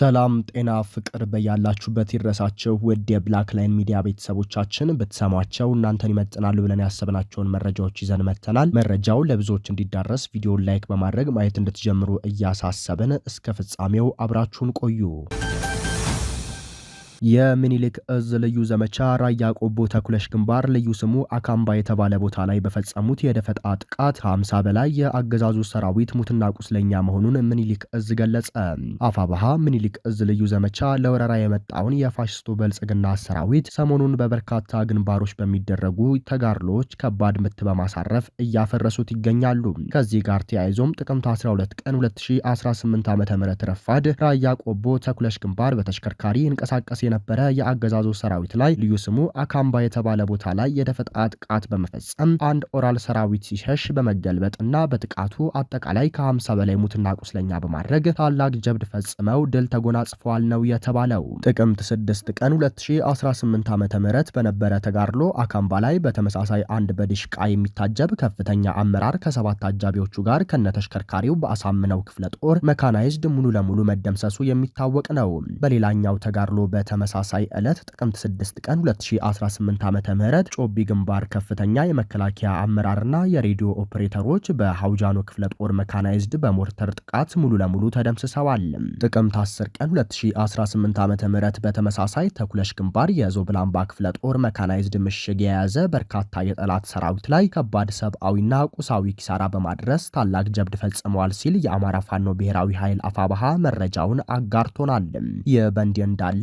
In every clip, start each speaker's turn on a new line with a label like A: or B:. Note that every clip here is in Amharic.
A: ሰላም ጤና ፍቅር በያላችሁበት ይድረሳችሁ። ውድ የብላክ ላይን ሚዲያ ቤተሰቦቻችን ብትሰሟቸው እናንተን ይመጥናሉ ብለን ያሰብናቸውን መረጃዎች ይዘን መጥተናል። መረጃው ለብዙዎች እንዲዳረስ ቪዲዮን ላይክ በማድረግ ማየት እንድትጀምሩ እያሳሰብን እስከ ፍጻሜው አብራችሁን ቆዩ። የምኒልክ እዝ ልዩ ዘመቻ ራያ ቆቦ ተኩለሽ ግንባር ልዩ ስሙ አካምባ የተባለ ቦታ ላይ በፈጸሙት የደፈጣ ጥቃት ከ50 በላይ የአገዛዙ ሰራዊት ሙትና ቁስለኛ መሆኑን ምኒልክ እዝ ገለጸ። አፋባሃ ምኒልክ እዝ ልዩ ዘመቻ ለወረራ የመጣውን የፋሽስቱ ብልጽግና ሰራዊት ሰሞኑን በበርካታ ግንባሮች በሚደረጉ ተጋድሎዎች ከባድ ምት በማሳረፍ እያፈረሱት ይገኛሉ። ከዚህ ጋር ተያይዞም ጥቅምት 12 ቀን 2018 ዓ ም ረፋድ ራያ ቆቦ ተኩለሽ ግንባር በተሽከርካሪ እንቀሳቀስ የነበረ የአገዛዙ ሰራዊት ላይ ልዩ ስሙ አካምባ የተባለ ቦታ ላይ የደፈጣ ጥቃት በመፈጸም አንድ ኦራል ሰራዊት ሲሸሽ በመገልበጥ እና በጥቃቱ አጠቃላይ ከ50 በላይ ሙትና ቁስለኛ በማድረግ ታላቅ ጀብድ ፈጽመው ድል ተጎናጽፈዋል ነው የተባለው። ጥቅምት 6 ቀን 2018 ም በነበረ ተጋድሎ አካምባ ላይ በተመሳሳይ አንድ በድሽቃ የሚታጀብ ከፍተኛ አመራር ከሰባት አጃቢዎቹ ጋር ከነተሽከርካሪው በአሳምነው ክፍለ ጦር መካናይዝድ ሙሉ ለሙሉ መደምሰሱ የሚታወቅ ነው። በሌላኛው ተጋድሎ በተ በተመሳሳይ ዕለት ጥቅምት 6 ቀን 2018 ዓ ም ጮቢ ግንባር ከፍተኛ የመከላከያ አመራርና የሬዲዮ ኦፕሬተሮች በሐውጃኖ ክፍለ ጦር መካናይዝድ በሞርተር ጥቃት ሙሉ ለሙሉ ተደምስሰዋል። ጥቅምት 10 ቀን 2018 ዓ ም በተመሳሳይ ተኩለሽ ግንባር የዞብላምባ ክፍለ ጦር መካናይዝድ ምሽግ የያዘ በርካታ የጠላት ሰራዊት ላይ ከባድ ሰብአዊና ቁሳዊ ኪሳራ በማድረስ ታላቅ ጀብድ ፈጽመዋል ሲል የአማራ ፋኖ ብሔራዊ ኃይል አፋባሃ መረጃውን አጋርቶናል። ይህ በእንዲህ እንዳለ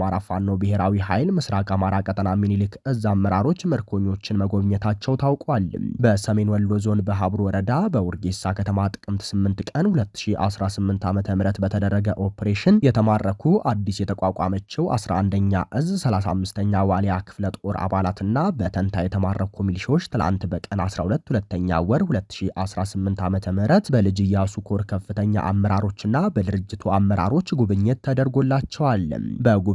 A: የአማራ ፋኖ ብሔራዊ ኃይል ምስራቅ አማራ ቀጠና ሚኒሊክ እዝ አመራሮች ምርኮኞችን መጎብኘታቸው ታውቋል። በሰሜን ወሎ ዞን በሀብሩ ወረዳ በውርጌሳ ከተማ ጥቅምት 8 ቀን 2018 ዓ ም በተደረገ ኦፕሬሽን የተማረኩ አዲስ የተቋቋመችው 11ኛ እዝ 35ኛ ዋሊያ ክፍለ ጦር አባላትና በተንታ የተማረኩ ሚሊሻዎች ትላንት በቀን 12 ሁለተኛ ወር 2018 ዓ ም በልጅ ኢያሱ ኮር ከፍተኛ አመራሮችና በድርጅቱ አመራሮች ጉብኝት ተደርጎላቸዋል።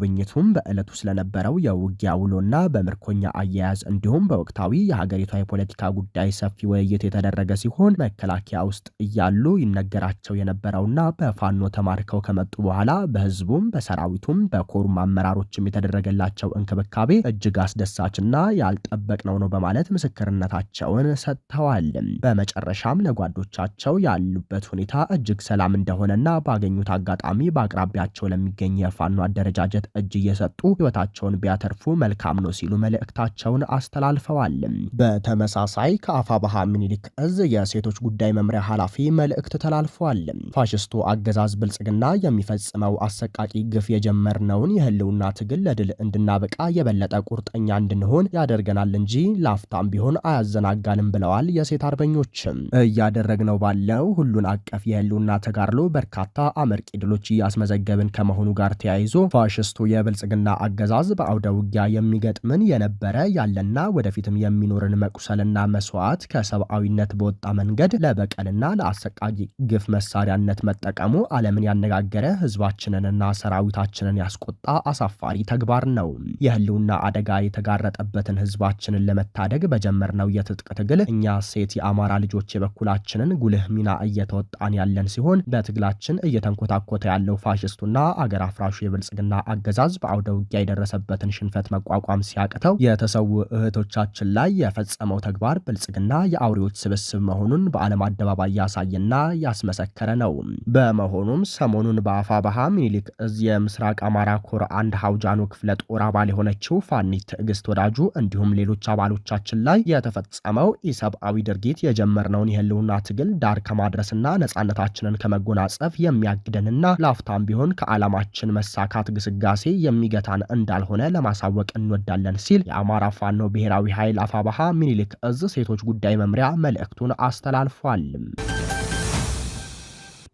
A: ጉብኝቱም በዕለቱ ስለነበረው የውጊያ ውሎና በምርኮኛ አያያዝ እንዲሁም በወቅታዊ የሀገሪቷ የፖለቲካ ጉዳይ ሰፊ ውይይት የተደረገ ሲሆን መከላከያ ውስጥ እያሉ ይነገራቸው የነበረውና በፋኖ ተማርከው ከመጡ በኋላ በህዝቡም በሰራዊቱም በኮሩም አመራሮችም የተደረገላቸው እንክብካቤ እጅግ አስደሳችና ያልጠበቅነው ነው በማለት ምስክርነታቸውን ሰጥተዋል። በመጨረሻም ለጓዶቻቸው ያሉበት ሁኔታ እጅግ ሰላም እንደሆነና ባገኙት አጋጣሚ በአቅራቢያቸው ለሚገኝ የፋኖ አደረጃጀት እጅ እየሰጡ ህይወታቸውን ቢያተርፉ መልካም ነው ሲሉ መልእክታቸውን አስተላልፈዋል። በተመሳሳይ ከአፋባሃ ሚኒሊክ እዝ የሴቶች ጉዳይ መምሪያ ኃላፊ መልእክት ተላልፈዋል። ፋሽስቱ አገዛዝ ብልጽግና የሚፈጽመው አሰቃቂ ግፍ የጀመርነውን የህልውና ትግል ለድል እንድናበቃ የበለጠ ቁርጠኛ እንድንሆን ያደርገናል እንጂ ላፍታም ቢሆን አያዘናጋንም ብለዋል። የሴት አርበኞችም እያደረግነው ባለው ሁሉን አቀፍ የህልውና ተጋድሎ በርካታ አመርቂ ድሎች እያስመዘገብን ከመሆኑ ጋር ተያይዞ ፋሽስቱ የብልጽግና አገዛዝ በአውደ ውጊያ የሚገጥምን የነበረ ያለና ወደፊትም የሚኖርን መቁሰልና መስዋዕት ከሰብአዊነት በወጣ መንገድ ለበቀልና ለአሰቃቂ ግፍ መሳሪያነት መጠቀሙ ዓለምን ያነጋገረ ህዝባችንንና ሰራዊታችንን ያስቆጣ አሳፋሪ ተግባር ነው። የህልውና አደጋ የተጋረጠበትን ህዝባችንን ለመታደግ በጀመርነው የትጥቅ ትግል እኛ ሴት የአማራ ልጆች የበኩላችንን ጉልህ ሚና እየተወጣን ያለን ሲሆን በትግላችን እየተንኮታኮተ ያለው ፋሽስቱና አገር አፍራሹ የብልጽግና አገዛ አገዛዝ በአውደ ውጊያ የደረሰበትን ሽንፈት መቋቋም ሲያቅተው የተሰዉ እህቶቻችን ላይ የፈጸመው ተግባር ብልጽግና የአውሬዎች ስብስብ መሆኑን በዓለም አደባባይ ያሳየና ያስመሰከረ ነው። በመሆኑም ሰሞኑን በአፋ ባሃ ሚኒሊክ እዝ የምስራቅ አማራ ኮር አንድ ሀውጃኑ ክፍለ ጦር አባል የሆነችው ፋኒ ትዕግስት ወዳጁ እንዲሁም ሌሎች አባሎቻችን ላይ የተፈጸመው ኢሰብአዊ ድርጊት የጀመርነውን የህልውና ትግል ዳር ከማድረስና ነጻነታችንን ከመጎናጸፍ የሚያግደንና ላፍታም ቢሆን ከዓላማችን መሳካት ግስጋሴ የሚገታን እንዳልሆነ ለማሳወቅ እንወዳለን ሲል የአማራ ፋኖ ብሔራዊ ኃይል አፋባሃ ሚኒሊክ እዝ ሴቶች ጉዳይ መምሪያ መልእክቱን አስተላልፏል።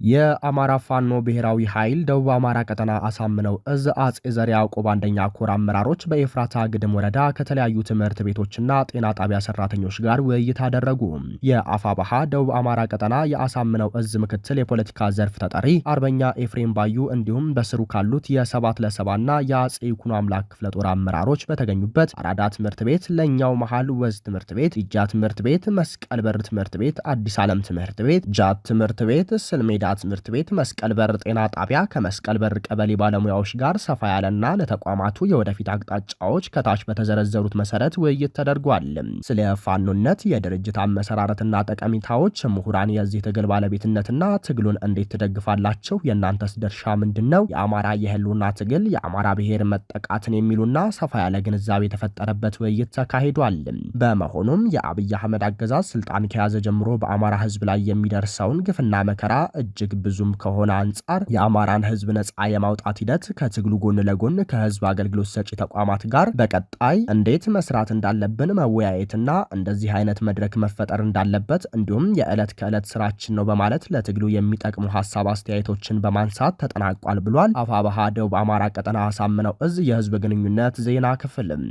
A: የአማራ ፋኖ ብሔራዊ ኃይል ደቡብ አማራ ቀጠና አሳምነው እዝ አጼ ዘር ያዕቆብ አንደኛ ኮር አመራሮች በኤፍራታ ግድም ወረዳ ከተለያዩ ትምህርት ቤቶችና ጤና ጣቢያ ሰራተኞች ጋር ውይይት አደረጉ። የአፋ ባሃ ደቡብ አማራ ቀጠና የአሳምነው እዝ ምክትል የፖለቲካ ዘርፍ ተጠሪ አርበኛ ኤፍሬም ባዩ እንዲሁም በስሩ ካሉት የሰባት ለሰባና የአጼ ይኩኖ አምላክ ክፍለ ጦር አመራሮች በተገኙበት አራዳ ትምህርት ቤት፣ ለእኛው መሃል ወዝ ትምህርት ቤት፣ ኢጃ ትምህርት ቤት፣ መስቀል በር ትምህርት ቤት፣ አዲስ ዓለም ትምህርት ቤት፣ ጃት ትምህርት ቤት፣ ስልሜዳ ትምህርት ቤት መስቀል በር ጤና ጣቢያ ከመስቀል በር ቀበሌ ባለሙያዎች ጋር ሰፋ ያለና ለተቋማቱ የወደፊት አቅጣጫዎች ከታች በተዘረዘሩት መሰረት ውይይት ተደርጓል። ስለ ፋኖነት የድርጅት አመሰራረትና ጠቀሜታዎች፣ ምሁራን የዚህ ትግል ባለቤትነትና ትግሉን እንዴት ትደግፋላችሁ? የእናንተስ ድርሻ ምንድን ነው? የአማራ የህልውና ትግል፣ የአማራ ብሔር መጠቃትን የሚሉና ሰፋ ያለ ግንዛቤ የተፈጠረበት ውይይት ተካሂዷል። በመሆኑም የአብይ አህመድ አገዛዝ ስልጣን ከያዘ ጀምሮ በአማራ ህዝብ ላይ የሚደርሰውን ግፍና መከራ እጅ እጅግ ብዙም ከሆነ አንጻር የአማራን ህዝብ ነጻ የማውጣት ሂደት ከትግሉ ጎን ለጎን ከህዝብ አገልግሎት ሰጪ ተቋማት ጋር በቀጣይ እንዴት መስራት እንዳለብን መወያየትና እንደዚህ አይነት መድረክ መፈጠር እንዳለበት እንዲሁም የዕለት ከዕለት ስራችን ነው በማለት ለትግሉ የሚጠቅሙ ሀሳብ አስተያየቶችን በማንሳት ተጠናቋል ብሏል። አፋ ደቡብ አማራ ቀጠና አሳምነው እዝ የህዝብ ግንኙነት ዜና ክፍልም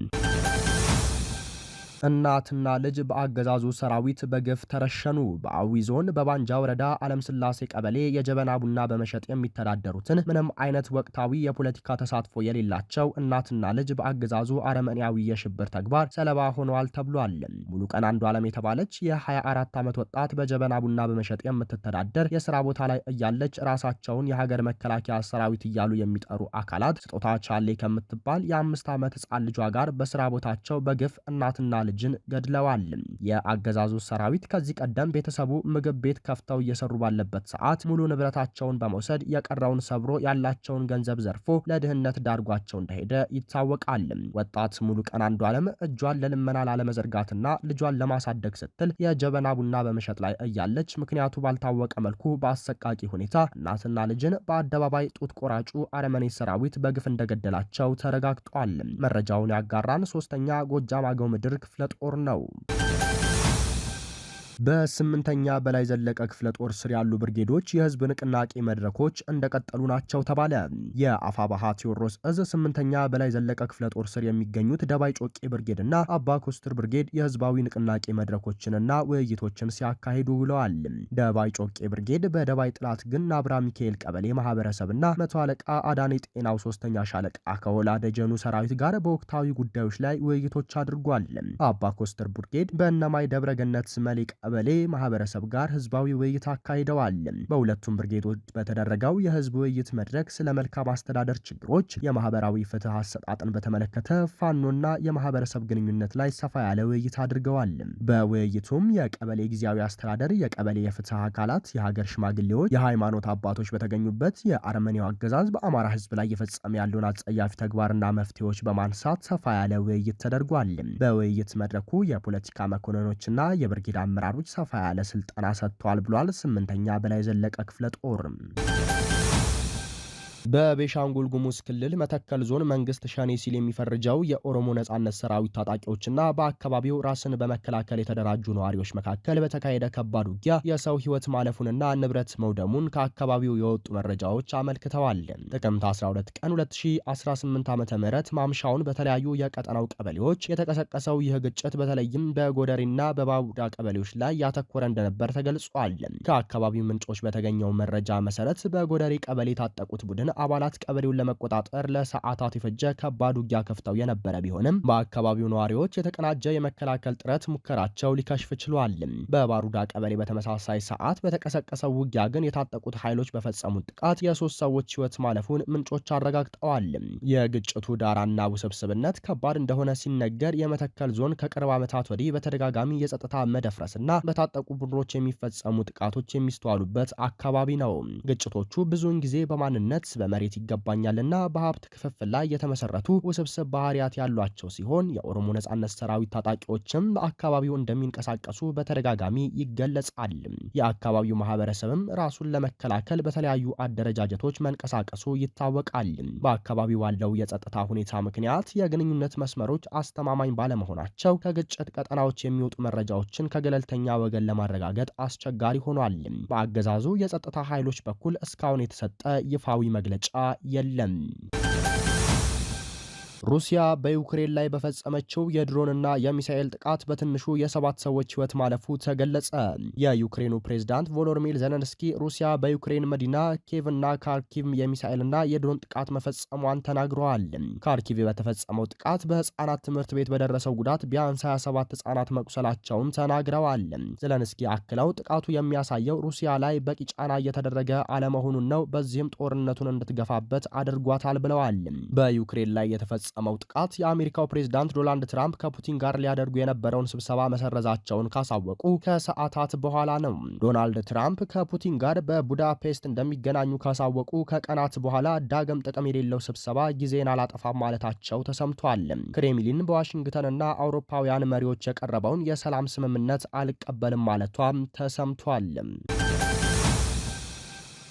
A: እናትና ልጅ በአገዛዙ ሰራዊት በግፍ ተረሸኑ። በአዊ ዞን በባንጃ ወረዳ አለም ስላሴ ቀበሌ የጀበና ቡና በመሸጥ የሚተዳደሩትን ምንም አይነት ወቅታዊ የፖለቲካ ተሳትፎ የሌላቸው እናትና ልጅ በአገዛዙ አረመኔያዊ የሽብር ተግባር ሰለባ ሆነዋል ተብሏል። ሙሉ ቀን አንዱ ዓለም የተባለች የ24 ዓመት ወጣት በጀበና ቡና በመሸጥ የምትተዳደር የስራ ቦታ ላይ እያለች ራሳቸውን የሀገር መከላከያ ሰራዊት እያሉ የሚጠሩ አካላት ስጦታ ቻሌ ከምትባል የአምስት ዓመት ህፃን ልጇ ጋር በስራ ቦታቸው በግፍ እናትና ልጅን ገድለዋል። የአገዛዙ ሰራዊት ከዚህ ቀደም ቤተሰቡ ምግብ ቤት ከፍተው እየሰሩ ባለበት ሰዓት ሙሉ ንብረታቸውን በመውሰድ የቀረውን ሰብሮ ያላቸውን ገንዘብ ዘርፎ ለድህነት ዳርጓቸው እንደሄደ ይታወቃል። ወጣት ሙሉ ቀን አንዱ ዓለም እጇን ለልመና ላለመዘርጋትና ልጇን ለማሳደግ ስትል የጀበና ቡና በመሸጥ ላይ እያለች ምክንያቱ ባልታወቀ መልኩ በአሰቃቂ ሁኔታ እናትና ልጅን በአደባባይ ጡት ቆራጩ አረመኔ ሰራዊት በግፍ እንደገደላቸው ተረጋግጧል። መረጃውን ያጋራን ሶስተኛ ጎጃም አገው ምድር ክፍለ ለጦር ነው። በስምንተኛ በላይ ዘለቀ ክፍለ ጦር ስር ያሉ ብርጌዶች የህዝብ ንቅናቄ መድረኮች እንደቀጠሉ ናቸው ተባለ። የአፋባሃ ቴዎድሮስ እዝ ስምንተኛ በላይ ዘለቀ ክፍለ ጦር ስር የሚገኙት ደባይ ጮቄ ብርጌድና አባ ኮስትር ብርጌድ የህዝባዊ ንቅናቄ መድረኮችንና ውይይቶችን ሲያካሂዱ ውለዋል። ደባይ ጮቄ ብርጌድ በደባይ ጥላት ግን አብራ ሚካኤል ቀበሌ ማህበረሰብና መቶ አለቃ አዳኔ ጤናው ሶስተኛ ሻለቃ ከወላደ ጀኑ ሰራዊት ጋር በወቅታዊ ጉዳዮች ላይ ውይይቶች አድርጓል። አባ ኮስትር ብርጌድ በእነማይ ደብረገነት ስመሌ ቀበሌ ማህበረሰብ ጋር ህዝባዊ ውይይት አካሂደዋል። በሁለቱም ብርጌዶች በተደረገው የህዝብ ውይይት መድረክ ስለ መልካም አስተዳደር ችግሮች፣ የማህበራዊ ፍትህ አሰጣጥን በተመለከተ ፋኖና የማህበረሰብ ግንኙነት ላይ ሰፋ ያለ ውይይት አድርገዋል። በውይይቱም የቀበሌ ጊዜያዊ አስተዳደር፣ የቀበሌ የፍትህ አካላት፣ የሀገር ሽማግሌዎች፣ የሃይማኖት አባቶች በተገኙበት የአርመኒያው አገዛዝ በአማራ ህዝብ ላይ የፈጸመ ያለውን አጸያፊ ተግባርና መፍትሄዎች በማንሳት ሰፋ ያለ ውይይት ተደርጓል። በውይይት መድረኩ የፖለቲካ መኮንኖችና የብርጌድ አመራሮች ሰፋ ያለ ስልጠና ሰጥቷል ብሏል። ስምንተኛ በላይ ዘለቀ ክፍለ ጦር በቤሻንጉል ጉሙዝ ክልል መተከል ዞን መንግስት ሸኔ ሲል የሚፈርጀው የኦሮሞ ነጻነት ሰራዊት ታጣቂዎችና በአካባቢው ራስን በመከላከል የተደራጁ ነዋሪዎች መካከል በተካሄደ ከባድ ውጊያ የሰው ህይወት ማለፉንና ንብረት መውደሙን ከአካባቢው የወጡ መረጃዎች አመልክተዋል። ጥቅምት 12 ቀን 2018 ዓ ም ማምሻውን በተለያዩ የቀጠናው ቀበሌዎች የተቀሰቀሰው ይህ ግጭት በተለይም በጎደሪና በባቡዳ ቀበሌዎች ላይ ያተኮረ እንደነበር ተገልጿል። ከአካባቢው ምንጮች በተገኘው መረጃ መሰረት በጎደሪ ቀበሌ የታጠቁት ቡድን አባላት ቀበሌውን ለመቆጣጠር ለሰዓታት የፈጀ ከባድ ውጊያ ከፍተው የነበረ ቢሆንም በአካባቢው ነዋሪዎች የተቀናጀ የመከላከል ጥረት ሙከራቸው ሊከሽፍ ችሏል። በባሩዳ ቀበሌ በተመሳሳይ ሰዓት በተቀሰቀሰው ውጊያ ግን የታጠቁት ኃይሎች በፈጸሙት ጥቃት የሶስት ሰዎች ህይወት ማለፉን ምንጮች አረጋግጠዋል። የግጭቱ ዳራና ውስብስብነት ከባድ እንደሆነ ሲነገር የመተከል ዞን ከቅርብ ዓመታት ወዲህ በተደጋጋሚ የጸጥታ መደፍረስና በታጠቁ ቡድኖች የሚፈጸሙ ጥቃቶች የሚስተዋሉበት አካባቢ ነው። ግጭቶቹ ብዙውን ጊዜ በማንነት በመሬት ይገባኛልና በሀብት ክፍፍል ላይ የተመሰረቱ ውስብስብ ባህሪያት ያሏቸው ሲሆን የኦሮሞ ነጻነት ሰራዊት ታጣቂዎችም በአካባቢው እንደሚንቀሳቀሱ በተደጋጋሚ ይገለጻል። የአካባቢው ማህበረሰብም ራሱን ለመከላከል በተለያዩ አደረጃጀቶች መንቀሳቀሱ ይታወቃል። በአካባቢው ባለው የጸጥታ ሁኔታ ምክንያት የግንኙነት መስመሮች አስተማማኝ ባለመሆናቸው ከግጭት ቀጠናዎች የሚወጡ መረጃዎችን ከገለልተኛ ወገን ለማረጋገጥ አስቸጋሪ ሆኗል። በአገዛዙ የጸጥታ ኃይሎች በኩል እስካሁን የተሰጠ ይፋዊ መግለ መግለጫ የለም። ሩሲያ በዩክሬን ላይ በፈጸመችው የድሮንና የሚሳኤል ጥቃት በትንሹ የሰባት ሰዎች ሕይወት ማለፉ ተገለጸ። የዩክሬኑ ፕሬዝዳንት ቮሎዲሚር ዘለንስኪ ሩሲያ በዩክሬን መዲና ኬቭና ካርኪቭ የሚሳኤልና የድሮን ጥቃት መፈጸሟን ተናግረዋል። ካርኪቭ በተፈጸመው ጥቃት በህፃናት ትምህርት ቤት በደረሰው ጉዳት ቢያንስ 27 ህጻናት መቁሰላቸውን ተናግረዋል። ዘለንስኪ አክለው ጥቃቱ የሚያሳየው ሩሲያ ላይ በቂ ጫና እየተደረገ አለመሆኑን ነው። በዚህም ጦርነቱን እንድትገፋበት አድርጓታል ብለዋል። በዩክሬን ላይ የተፈጸ በተፈጸመው ጥቃት የአሜሪካው ፕሬዝዳንት ዶናልድ ትራምፕ ከፑቲን ጋር ሊያደርጉ የነበረውን ስብሰባ መሰረዛቸውን ካሳወቁ ከሰዓታት በኋላ ነው። ዶናልድ ትራምፕ ከፑቲን ጋር በቡዳፔስት እንደሚገናኙ ካሳወቁ ከቀናት በኋላ ዳግም ጥቅም የሌለው ስብሰባ ጊዜን አላጠፋም ማለታቸው ተሰምቷል። ክሬምሊን በዋሽንግተንና አውሮፓውያን መሪዎች የቀረበውን የሰላም ስምምነት አልቀበልም ማለቷም ተሰምቷል።